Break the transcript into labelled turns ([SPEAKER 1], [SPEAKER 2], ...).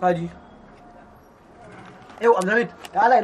[SPEAKER 1] kaji yau abdulhamid da